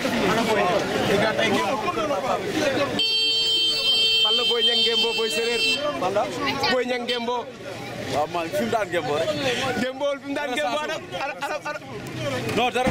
Balla Boy Niang Ngembo Boy Séréer. Balla Boy Niang Ngembo. waaw man fi mu daan Ngembo rek. Ngembo fi mu daan Ngembo ana ana ana. non dara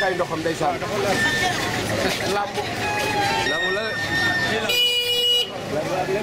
ak ay ndoxam ndeysaan lamb lamb la de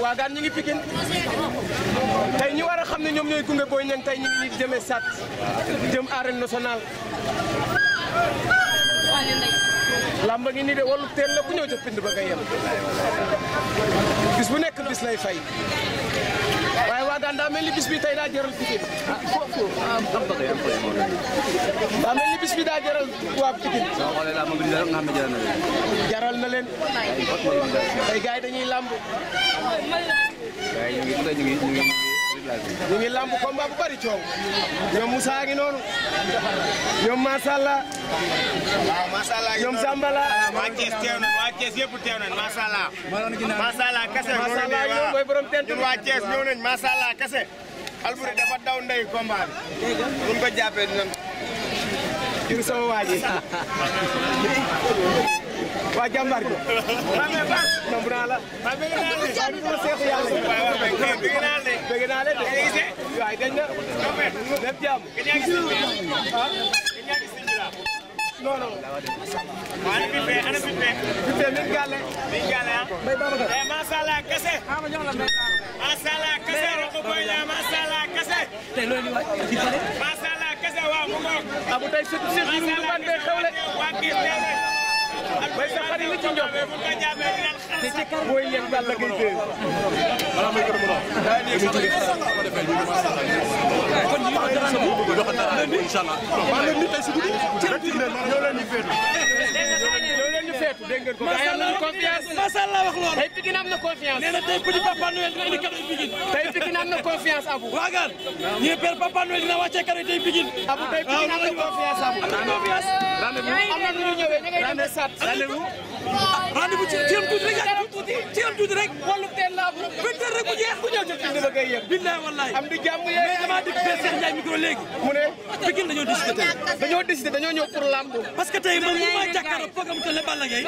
waa gaan ñu ngi pikin tey ñu war a xam ne ñoom ñooy gunge Boy Niang tey ñu ngi jëmee sat jëm arène nationale lamba ngi nii de wallu teen la bu ñëw ca pind ba ngay yem bis lay fay waaye waagaan daa mel ni bis bi tey daa jaral Pikine ah foofu ah, daa mel ni bis bi daa jaral waa Pikine jaral na leen tey yi dañuy làmb ñu ngi lamb combat bu bari coow ñoom Moussa noonu ñoom Massala ñoom Sambala waa Thiès teew nañ waa Thiès yëpp teew nañ Massala Massala kese ñoo koy borom tent ñun waa Thiès ñëw nañ Massala kese Alboury dafa daw ndey la. la. bëgg naa leen de. waaye dañ na lépp jàmm. ah. non non. waaye bi fee ana bi fee. bi fee mi ngi gàlle. mi ngi gàlle ah. mbay Babacar. mais eh, macha allah kese. Ah, macha allah kese. roxo boy la macha allah kese. te loolu waay ci fële. macha allah kese waaw mu ngoog. ah bu tey surtout surtout ñu ngi mën de xewle. bay sa xari li ci njom te ci kar booy yéen Balla Gaye 2 wala may gërëm kon ñu ko dara sama bu joxata inshallah wala ni tay ci guddi ci ñoo leen di féetu seetu dégg ngeen ko. macha allah wax loolu. tey Pikine am na confiance. nee Papa Noël dina indi cadeau Pikine. tey Pikine am na confiance Abu. waaw Papa Noël dina wàccee cadeau tey Pikine. tey Pikine am na ah, confiance Abu. am na confiance. rendez-vous am na nu rendez-vous ci téem tuuti rek yaa tuuti téem tuuti rek rek bu jeex bu ñëw ca di jàmm yee mais dama léegi mu ne dañoo décidé tey dañoo décidé dañoo ñëw pour làmb parce que tey man mu ma jàkkaarloo programme te le Balla Gaye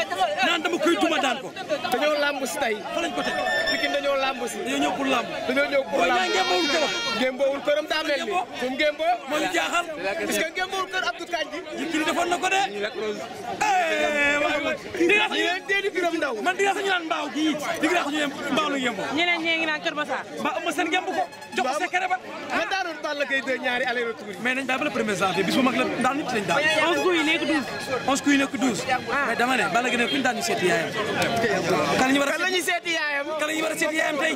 naan dama koy duma daan ko dañoo làmb si tey fa ko teg Pikine dañoo làmb si dañoo ñëw pour làmb dañoo ñëw pour làmb ngémbawul këram ngémbawul këram daa mel ni fu mu ngémboo moo ñu jaaxal parce que ngémbawul kër Abdou Kandji ji kii defoon kii di Biram Ndaw man di nga sax ñu naan mbaaw gii di nga sax mbaaw la yembo ñeneen ñee ngi naan Kër Massar ba am seen ngemb ko jox ko ba man daanoon Balla Gaye de ñaari aller retour mais nañ bàyyi ba le premier bis bu mag la daan nit lañ daan onze kuy nekk douze onze kuy nekk douze ah. mais dama ne Balla ñu seeti ñu a seeti yaayam kan ñu war a seeti yaayam tey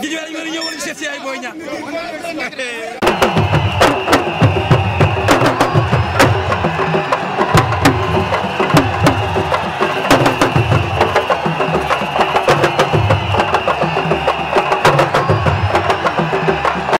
gi ñu war a ñëw wala seeti yaay booy ñaan